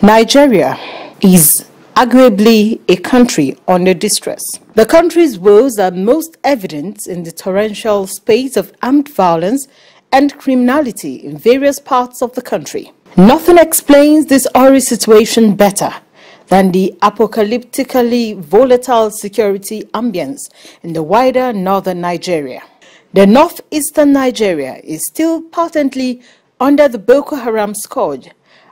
Nigeria is arguably a country under distress. The country's woes are most evident in the torrential space of armed violence and criminality in various parts of the country. Nothing explains this horrid situation better than the apocalyptically volatile security ambience in the wider northern Nigeria. The northeastern Nigeria is still patently under the Boko Haram scourge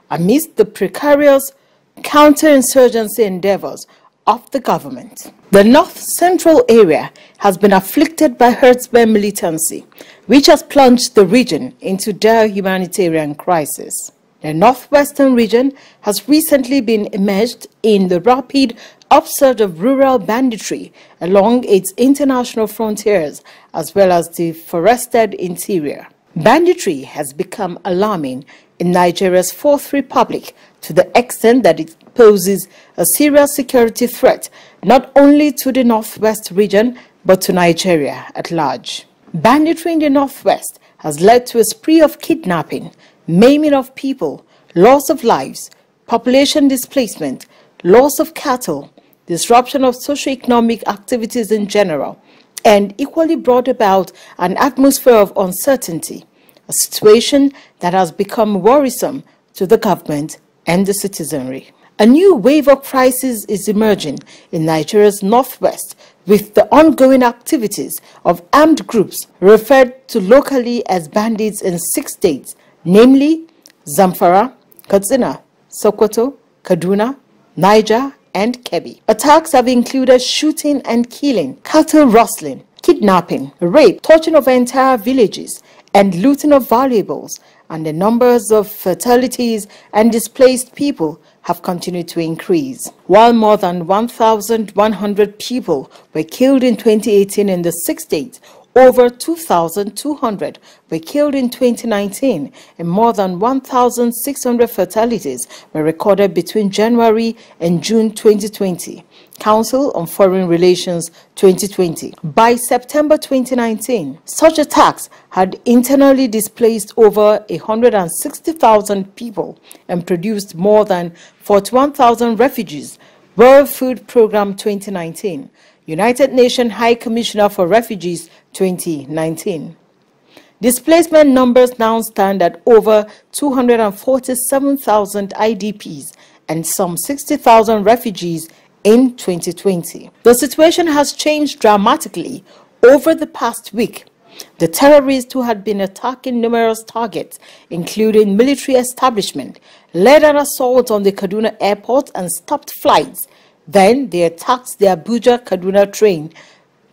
amidst the precarious counterinsurgency endeavors of the government. The north central area has been afflicted by Hertzberg militancy, which has plunged the region into dire humanitarian crisis. The northwestern region has recently been immersed in the rapid upsurge of rural banditry along its international frontiers as well as the forested interior. Banditry has become alarming in Nigeria's Fourth Republic to the extent that it poses a serious security threat not only to the northwest region but to Nigeria at large. Banditry in the northwest has led to a spree of kidnapping, maiming of people, loss of lives, population displacement, loss of cattle, disruption of socioeconomic economic activities in general, and equally brought about an atmosphere of uncertainty a situation that has become worrisome to the government and the citizenry. A new wave of crises is emerging in Nigeria's northwest with the ongoing activities of armed groups referred to locally as bandits in six states, namely Zamfara, Katsina, Sokoto, Kaduna, Niger, and Kebbi. Attacks have included shooting and killing, cattle rustling, kidnapping, rape, torching of entire villages, and looting of valuables, and the numbers of fatalities and displaced people have continued to increase. While more than 1,100 people were killed in 2018 in the six states, over 2,200 were killed in 2019, and more than 1,600 fatalities were recorded between January and June 2020. Council on Foreign Relations 2020. By September 2019, such attacks had internally displaced over 160,000 people and produced more than 41,000 refugees World Food Programme 2019, United Nations High Commissioner for Refugees 2019. Displacement numbers now stand at over 247,000 IDPs and some 60,000 refugees in 2020. The situation has changed dramatically over the past week the terrorists who had been attacking numerous targets, including military establishment, led an assault on the Kaduna airport and stopped flights. Then they attacked the Abuja-Kaduna train,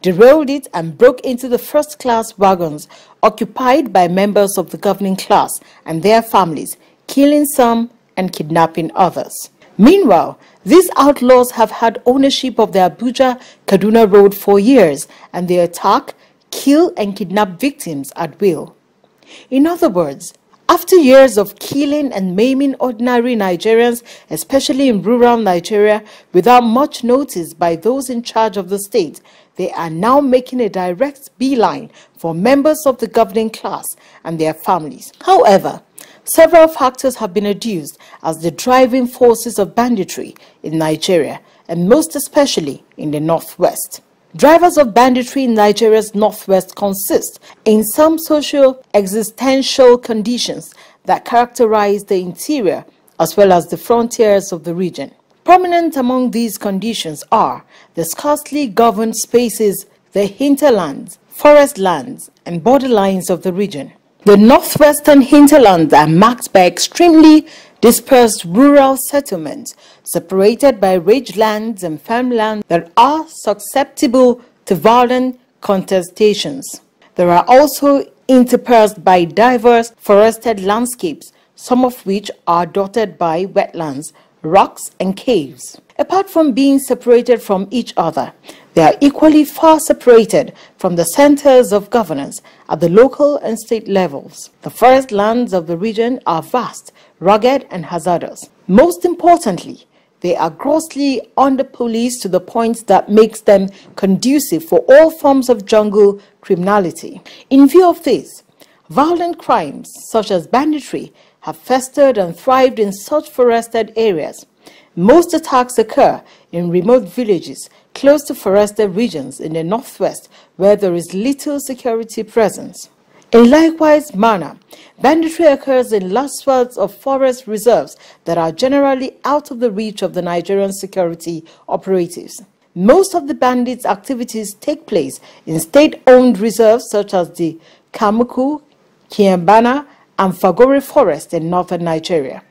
derailed it and broke into the first-class wagons occupied by members of the governing class and their families, killing some and kidnapping others. Meanwhile, these outlaws have had ownership of the Abuja-Kaduna road for years and the attack kill and kidnap victims at will. In other words, after years of killing and maiming ordinary Nigerians, especially in rural Nigeria, without much notice by those in charge of the state, they are now making a direct beeline for members of the governing class and their families. However, several factors have been adduced as the driving forces of banditry in Nigeria, and most especially in the northwest. Drivers of banditry in Nigeria's northwest consist in some social existential conditions that characterize the interior as well as the frontiers of the region. Prominent among these conditions are the scarcely governed spaces, the hinterlands, forest lands, and borderlines of the region. The northwestern hinterlands are marked by extremely dispersed rural settlements separated by lands and farmland that are susceptible to violent contestations. There are also interspersed by diverse forested landscapes, some of which are dotted by wetlands, rocks, and caves. Apart from being separated from each other, they are equally far separated from the centers of governance at the local and state levels. The forest lands of the region are vast, rugged, and hazardous. Most importantly, they are grossly underpoliced to the point that makes them conducive for all forms of jungle criminality. In view of this, violent crimes such as banditry have festered and thrived in such forested areas. Most attacks occur in remote villages close to forested regions in the northwest where there is little security presence. In likewise manner, banditry occurs in large swaths of forest reserves that are generally out of the reach of the Nigerian security operatives. Most of the bandits' activities take place in state-owned reserves such as the Kamuku, Kiambana, and Fagori forest in northern Nigeria.